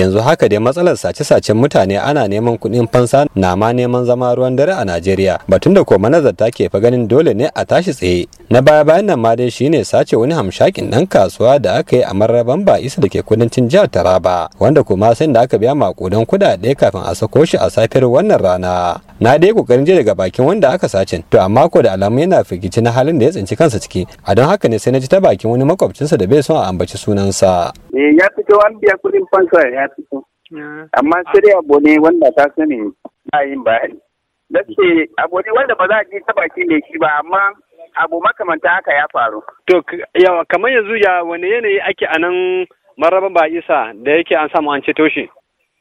yanzu haka dai matsalar sace-sacen mutane ana neman kuɗin fansa na ma neman zama ruwan dare a najeriya batun da ko manazarta ke fa ganin dole ne a tashi tsaye na baya bayan nan ma dai shine sace wani hamshakin dan kasuwa da aka yi a marraban ba isa da ke kudancin jihar taraba wanda kuma sai da aka biya makudan kuɗaɗe kafin a sako shi a safiyar wannan rana na dai kokarin je daga bakin wanda aka sace to amma ko da alamu yana firgici na halin da ya tsinci kansa ciki a don haka ne sai na ji ta bakin wani makwabcinsa da bai son a ambaci sunansa eh, ya fito an biya kuɗin fansa ya fito. Ah. Amma ah. shirya abu ne wanda ta sani ba yin bayani. Dace abu ne wanda ba za a ji ta baki ne shi ba amma abu makamanta haka ya faru. To yawa kamar yanzu ya wani yanayi ake a nan maraba ba isa da yake an samu an ceto shi.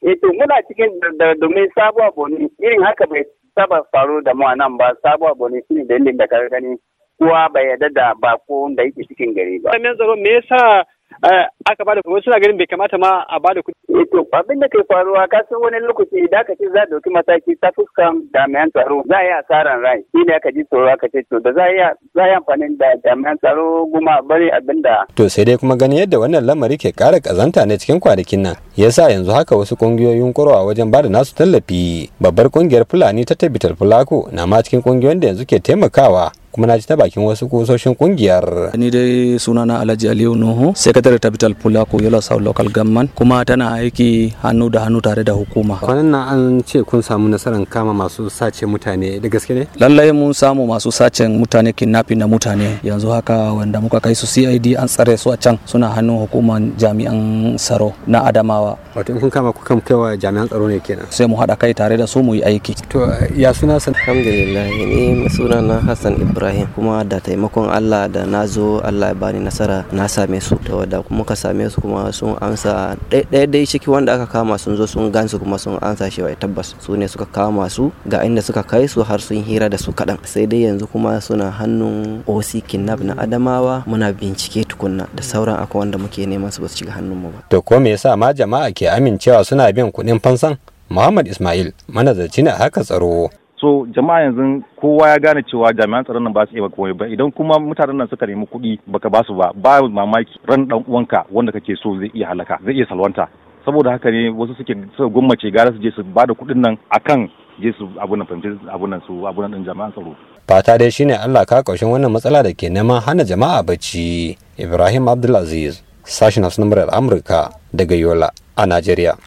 Eh to muna cikin da domin sabo abu ne irin haka bai saba faru da mu a nan ba sabo abu ne shine dalilin da ka gani kowa bai yarda da bako da yake cikin gari ba. Kamar tsaro me yasa Eh, aka bada kuma suna ganin bai kamata ma a bada kuɗi. Eh, to abin da ke faruwa ka san wani lokaci idan ka ce za a dauki mataki ta fuskan jami'an tsaro za a yi asaran rai shi ne aka ji tsoro aka ce to da za a yi amfani da jami'an tsaro kuma bari abin da. to sai dai kuma ganin yadda wannan lamari ke ƙara ƙazanta ne cikin kwanakin nan ya sa yanzu haka wasu ƙungiyoyin korowa wajen bada nasu tallafi babbar ƙungiyar fulani ta tabbitar fulako na ma cikin ƙungiyoyin da yanzu ke taimakawa kuma na ji ta bakin wasu kusoshin kungiyar. Ni dai sunana Alhaji Aliyu Nuhu, Secretary Capital Fulako Yola South Local Government kuma tana aiki hannu da hannu tare da hukuma. Kwanan nan an ce kun samu nasarar kama masu sace mutane da gaske ne? Lallai mun samu masu sace mutane kidnapping na mutane yanzu haka wanda muka kai su CID an tsare su a can suna hannun hukumar jami'an tsaro na Adamawa. Wato kun kama ku kan kaiwa jami'an tsaro ne kenan. Sai mu haɗa kai tare da su mu yi aiki. To ya suna san alhamdulillah ni sunana Hassan Ibrahim ibrahim kuma da taimakon allah da na zo allah ya bani nasara na same su da wadda kuma ka same su kuma sun ansa ɗaya dai ciki wanda aka kama sun zo sun gansu kuma sun ansa shi wai tabbas su ne suka kama su ga inda suka kai su har sun hira da su kaɗan sai dai yanzu kuma suna hannun oc kidnap na adamawa muna bincike tukunna da sauran akwai wanda muke neman su ba su shiga hannun mu ba to ko me yasa ma jama'a ke amincewa suna bin kuɗin fansan Muhammad Ismail manazarci ne a haka tsaro so jama'a yanzu kowa ya gane cewa jami'an tsaron nan ba su iya komai ba idan kuma mutanen nan suka nemi kuɗi baka ba su ba ba mamaki ran dan uwanka wanda kake so zai iya halaka zai iya salwanta saboda haka ne wasu suke suka gwammace gara su je su da kuɗin nan akan je su abu nan fahimci abu nan su abu nan jami'an tsaro fata dai shine Allah ka kaushin wannan matsala da ke neman hana jama'a bacci Ibrahim Abdulaziz sashin Hausa na Amurka daga Yola a Najeriya